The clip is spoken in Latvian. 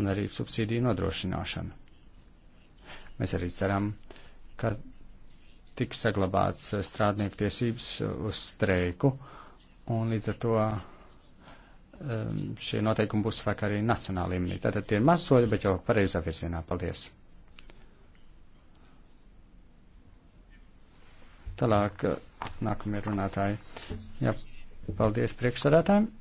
un arī subsīdiju nodrošināšanu. Mēs arī ceram, ka tiks saglabāts strādnieku tiesības uz streiku, un līdz ar to um, šie noteikumi būs spēkā arī nacionāla līmenī. Tātad tie ir maz soļi, bet jau pareizā virzienā. Paldies! Tālāk nākamie runātāji. Jā, paldies priekšsādātājiem!